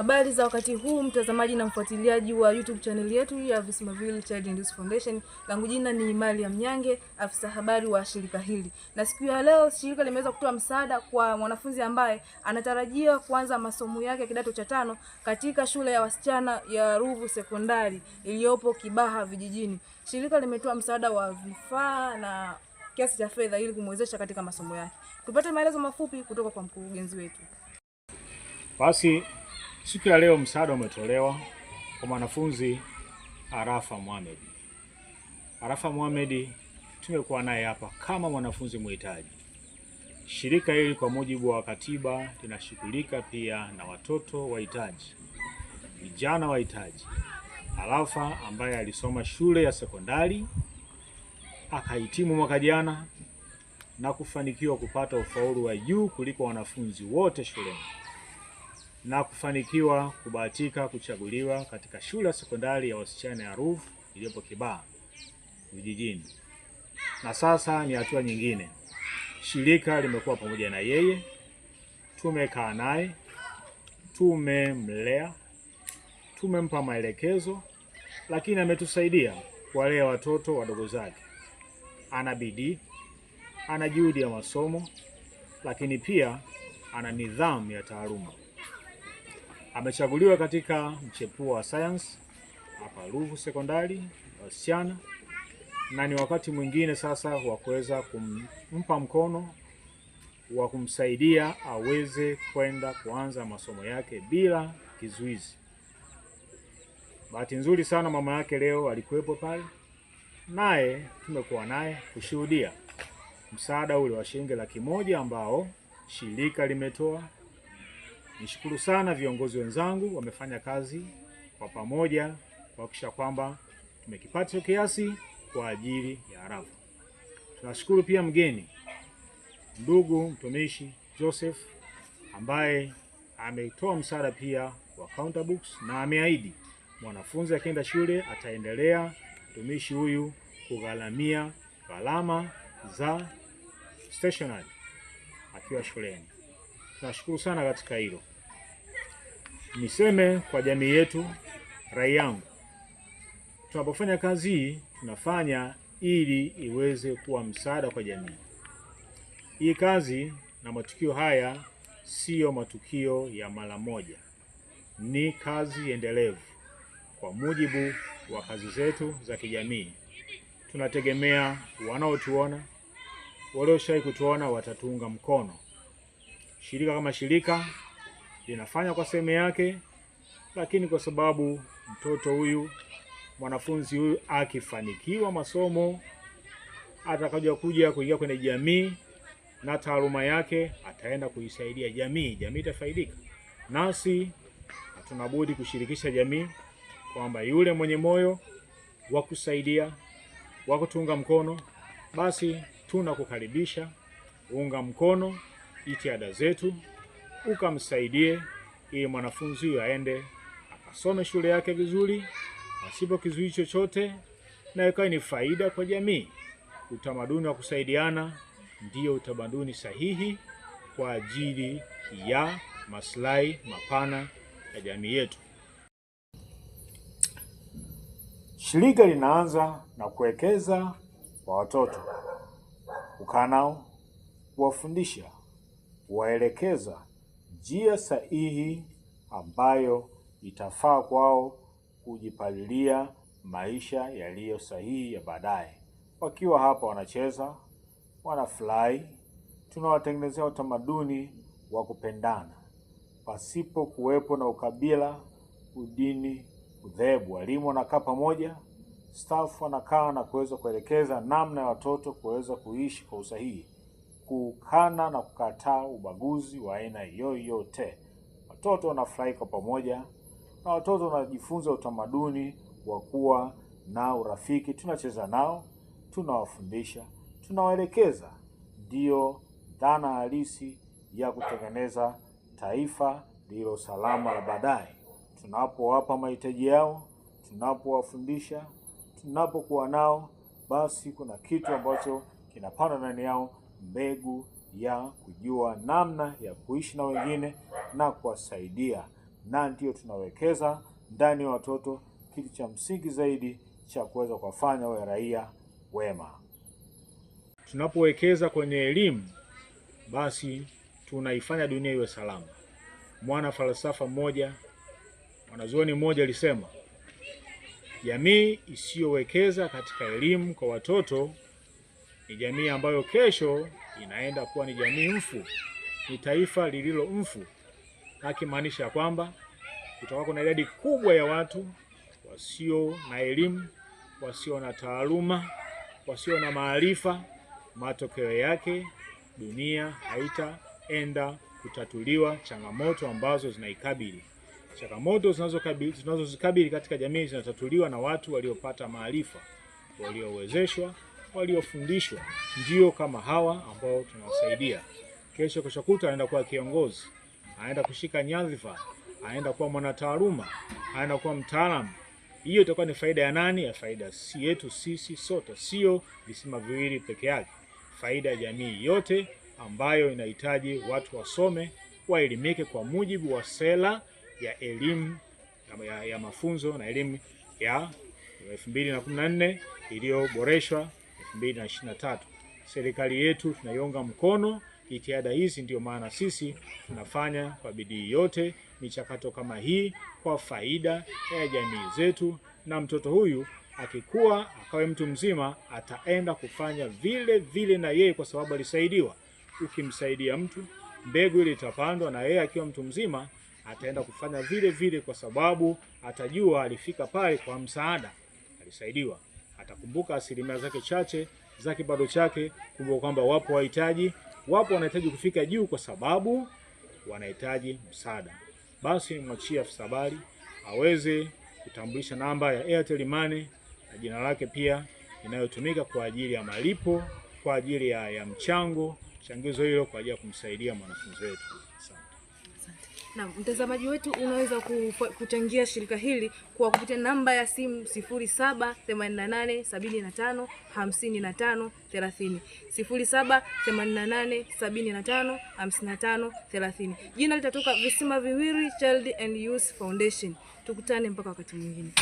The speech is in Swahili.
Habari za wakati huu mtazamaji na mfuatiliaji wa YouTube channel yetu ya Visimaville Child and Youth Foundation. Langu jina ni Maria Mnyange, afisa habari wa shirika hili, na siku ya leo shirika limeweza kutoa msaada kwa mwanafunzi ambaye anatarajia kuanza masomo yake ya kidato cha tano katika shule ya wasichana ya Ruvu Sekondari iliyopo Kibaha vijijini. Shirika limetoa msaada wa vifaa na kiasi cha fedha ili kumwezesha katika masomo yake. Tupate maelezo mafupi kutoka kwa mkurugenzi wetu. Basi Siku ya leo msaada umetolewa kwa mwanafunzi Arafa Mohamed. Arafa Mohamed tumekuwa naye hapa kama mwanafunzi mhitaji. Shirika hili kwa mujibu wa katiba linashughulika pia na watoto wahitaji, vijana wahitaji. Arafa ambaye alisoma shule ya sekondari akahitimu mwaka jana na kufanikiwa kupata ufaulu wa juu kuliko wanafunzi wote shuleni na kufanikiwa kubahatika kuchaguliwa katika shule ya sekondari ya wasichana ya Ruvu iliyopo Kibaha vijijini, na sasa ni hatua nyingine. Shirika limekuwa pamoja na yeye, tumekaa naye, tumemlea, tumempa maelekezo, lakini ametusaidia kuwalea watoto wadogo zake. Ana bidii, ana juhudi ya masomo, lakini pia ana nidhamu ya taaluma amechaguliwa katika mchepuo wa sayansi hapa Ruvu Sekondari wasichana, na ni wakati mwingine sasa wa kuweza kumpa mkono wa kumsaidia aweze kwenda kuanza masomo yake bila kizuizi. Bahati nzuri sana mama yake leo alikuwepo pale, naye tumekuwa naye kushuhudia msaada ule wa shilingi laki moja ambao shirika limetoa Nishukuru sana viongozi wenzangu, wamefanya kazi kwa pamoja kuhakikisha kwamba tumekipata hicho kiasi kwa ajili ya Arafa. Tunashukuru pia mgeni ndugu mtumishi Joseph ambaye ametoa msaada pia wa counter books na ameahidi mwanafunzi akienda shule ataendelea mtumishi huyu kugharamia gharama za stationery akiwa shuleni. Nashukuru sana katika hilo. Niseme kwa jamii yetu, rai yangu, tunapofanya kazi hii tunafanya ili iweze kuwa msaada kwa jamii. Hii kazi na matukio haya siyo matukio ya mara moja, ni kazi endelevu. Kwa mujibu wa kazi zetu za kijamii, tunategemea wanaotuona, walioshawahi kutuona watatuunga mkono. Shirika kama shirika linafanya kwa sehemu yake, lakini kwa sababu mtoto huyu, mwanafunzi huyu akifanikiwa masomo, atakaja kuja kuingia kwenye jamii na taaluma yake ataenda kuisaidia jamii, jamii itafaidika. Nasi hatuna budi kushirikisha jamii kwamba yule mwenye moyo wa kusaidia wa kutunga mkono, basi tunakukaribisha unga mkono jitihada zetu, ukamsaidie ili mwanafunzi huyo aende akasome shule yake vizuri, pasipo kizuizi chochote, na ikawa ni faida kwa jamii. Utamaduni wa kusaidiana ndiyo utamaduni sahihi kwa ajili ya maslahi mapana ya jamii yetu. Shirika linaanza na kuwekeza kwa watoto, ukaa nao, kuwafundisha kuwaelekeza njia sahihi ambayo itafaa kwao kujipalilia maisha yaliyo sahihi ya baadaye. Wakiwa hapa wanacheza, wanafurahi, tunawatengenezea utamaduni wa kupendana pasipo kuwepo na ukabila, udini, udhehebu. Walimu wanakaa pamoja, staff wanakaa na kuweza kuelekeza namna ya watoto kuweza kuishi kwa usahihi kukana na kukataa ubaguzi wa aina yoyote. Watoto wanafurahi kwa pamoja, na watoto wanajifunza utamaduni wa kuwa na urafiki. Tunacheza nao, tunawafundisha, tunawaelekeza. Ndiyo dhana halisi ya kutengeneza taifa lililo salama la baadaye. Tunapowapa mahitaji yao, tunapowafundisha, tunapokuwa nao, basi kuna kitu ambacho kinapanda ndani yao mbegu ya kujua namna ya kuishi na wengine na kuwasaidia, na ndiyo tunawekeza ndani ya watoto kitu cha msingi zaidi cha kuweza kuwafanya wawe raia wema. Tunapowekeza kwenye elimu, basi tunaifanya dunia iwe salama. Mwana falsafa mmoja, mwanazuoni mmoja alisema, jamii isiyowekeza katika elimu kwa watoto ni jamii ambayo kesho inaenda kuwa ni jamii mfu, ni taifa lililo mfu, akimaanisha kwamba kutakuwa kuna idadi kubwa ya watu wasio na elimu, wasio na taaluma, wasio na maarifa. Matokeo yake dunia haitaenda kutatuliwa changamoto ambazo zinaikabili. Changamoto zinazozikabili katika jamii zinatatuliwa na watu waliopata maarifa, waliowezeshwa waliofundishwa ndio kama hawa ambao tunawasaidia. Kesho keshokuta anaenda kuwa kiongozi, anaenda kushika nyadhifa, anaenda kuwa mwanataaluma, anaenda kuwa mtaalamu. Hiyo itakuwa ni faida ya nani? Ya faida si yetu sisi sote, sio visima viwili peke yake, faida ya jamii yote ambayo inahitaji watu wasome, waelimike kwa mujibu wa sera ya elimu ya, ya mafunzo na elimu ya 2014 iliyoboreshwa 2023. Serikali yetu tunaiunga mkono jitihada hizi, ndio maana sisi tunafanya kwa bidii yote michakato kama hii kwa faida ya jamii zetu, na mtoto huyu akikuwa akawe mtu mzima ataenda kufanya vile vile na yeye, kwa sababu alisaidiwa. Ukimsaidia mtu, mbegu ile itapandwa, na yeye akiwa mtu mzima ataenda kufanya vile vile, kwa sababu atajua alifika pale kwa msaada, alisaidiwa atakumbuka asilimia zake chache za kipato chake. Kumbuka kwamba wapo wahitaji, wapo wanahitaji kufika juu kwa sababu wanahitaji msaada. Basi mwachie afisa habari aweze kutambulisha namba ya Airtel Money na jina lake pia inayotumika kwa ajili ya malipo kwa ajili ya, ya mchango changizo hilo kwa ajili ya kumsaidia mwanafunzi wetu. sana. Na mtazamaji wetu unaweza kuchangia shirika hili kwa kupitia namba ya simu 55 0788755530. Jina litatoka Visima Viwili Child and Youth Foundation. Tukutane mpaka wakati mwingine.